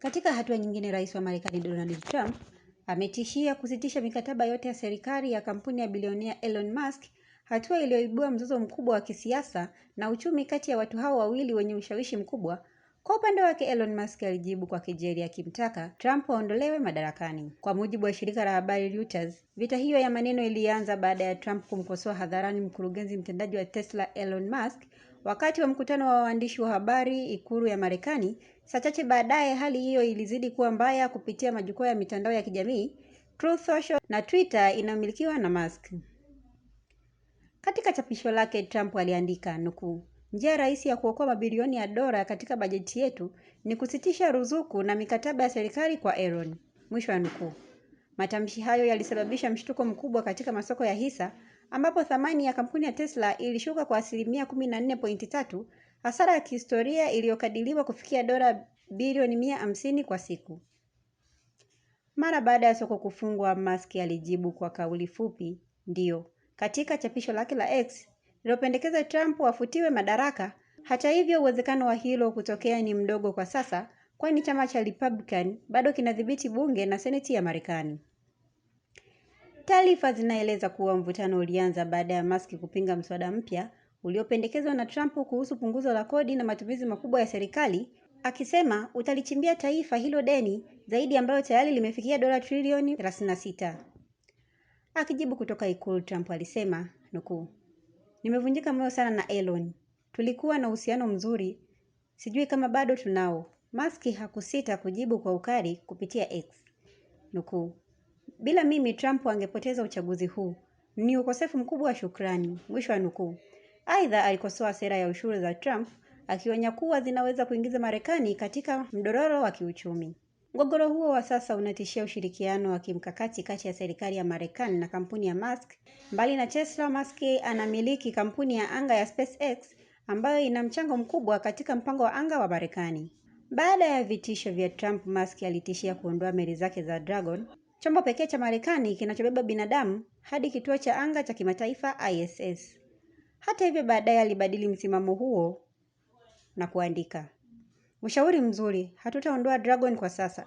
Katika hatua nyingine, rais wa Marekani Donald Trump ametishia kusitisha mikataba yote ya serikali ya kampuni ya bilionea Elon Musk, hatua iliyoibua mzozo mkubwa wa kisiasa na uchumi kati ya watu hao wawili wenye ushawishi mkubwa. Kwa upande wake, Elon Musk alijibu kwa kejeli akimtaka Trump aondolewe madarakani. Kwa mujibu wa shirika la habari Reuters, vita hiyo ya maneno ilianza baada ya Trump kumkosoa hadharani mkurugenzi mtendaji wa Tesla Elon Musk Wakati wa mkutano wa waandishi wa habari Ikulu ya Marekani, saa chache baadaye, hali hiyo ilizidi kuwa mbaya kupitia majukwaa ya mitandao ya kijamii, Truth Social na Twitter inayomilikiwa na Musk. Katika chapisho lake, Trump aliandika nukuu, njia rahisi ya kuokoa mabilioni ya dola katika bajeti yetu ni kusitisha ruzuku na mikataba ya serikali kwa Elon, mwisho wa nukuu. Matamshi hayo yalisababisha mshtuko mkubwa katika masoko ya hisa ambapo thamani ya kampuni ya Tesla ilishuka kwa asilimia 14.3, hasara ya kihistoria iliyokadiriwa kufikia dola bilioni 150 kwa siku. Mara baada ya soko kufungwa, Musk alijibu kwa kauli fupi "ndiyo" katika chapisho lake la X lililopendekeza Trump afutiwe madaraka. Hata hivyo, uwezekano wa hilo kutokea ni mdogo kwa sasa kwani chama cha Republican bado kinadhibiti bunge na seneti ya Marekani. Taarifa zinaeleza kuwa mvutano ulianza baada ya Musk kupinga mswada mpya uliopendekezwa na Trump kuhusu punguzo la kodi na matumizi makubwa ya serikali, akisema utalichimbia taifa hilo deni zaidi ambayo tayari limefikia dola trilioni 36. Akijibu kutoka Ikulu, Trump alisema nukuu, nimevunjika moyo sana na Elon, tulikuwa na uhusiano mzuri, sijui kama bado tunao. Maski hakusita kujibu kwa ukali kupitia X. Nukuu, bila mimi Trump angepoteza uchaguzi huu, ni ukosefu mkubwa wa shukrani, mwisho wa nukuu. Aidha, alikosoa sera ya ushuru za Trump akionya kuwa zinaweza kuingiza Marekani katika mdororo wa kiuchumi. Mgogoro huo wa sasa unatishia ushirikiano wa kimkakati kati ya serikali ya Marekani na kampuni ya Musk. Mbali na Tesla, Musk anamiliki kampuni ya anga ya SpaceX ambayo ina mchango mkubwa katika mpango wa anga wa Marekani. Baada ya vitisho vya Trump, Musk alitishia kuondoa meli zake za Dragon, chombo pekee cha Marekani kinachobeba binadamu hadi kituo cha anga cha kimataifa ISS. Hata hivyo, baadaye alibadili msimamo huo na kuandika, ushauri mzuri, hatutaondoa Dragon kwa sasa.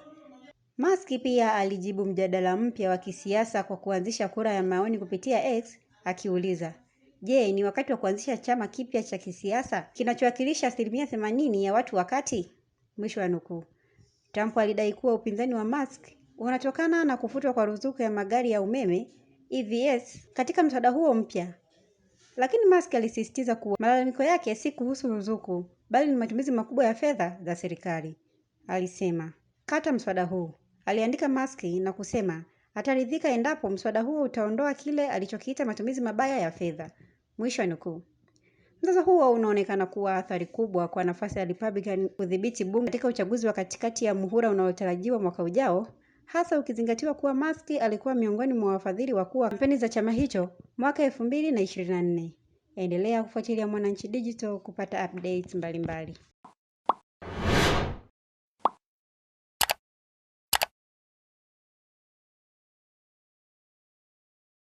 Musk pia alijibu mjadala mpya wa kisiasa kwa kuanzisha kura ya maoni kupitia X akiuliza, je, ni wakati wa kuanzisha chama kipya cha kisiasa kinachowakilisha asilimia themanini ya watu wakati Mwisho wa nukuu. Trump alidai kuwa upinzani wa Musk unatokana na kufutwa kwa ruzuku ya magari ya umeme EVs katika mswada huo mpya. Lakini Musk alisisitiza kuwa malalamiko yake si kuhusu ruzuku, bali ni matumizi makubwa ya fedha za serikali. Alisema, "Kata mswada huu." Aliandika Musk na kusema ataridhika endapo mswada huo utaondoa kile alichokiita matumizi mabaya ya fedha. Mwisho wa nukuu. Mchezo huo unaonekana kuwa athari kubwa kwa nafasi ya Republican kudhibiti bunge katika uchaguzi wa katikati ya muhula unaotarajiwa mwaka ujao, hasa ukizingatiwa kuwa Musk alikuwa miongoni mwa wafadhili wakuu wa kampeni za chama hicho mwaka 2024. Endelea kufuatilia Mwananchi Digital kupata updates mbalimbali.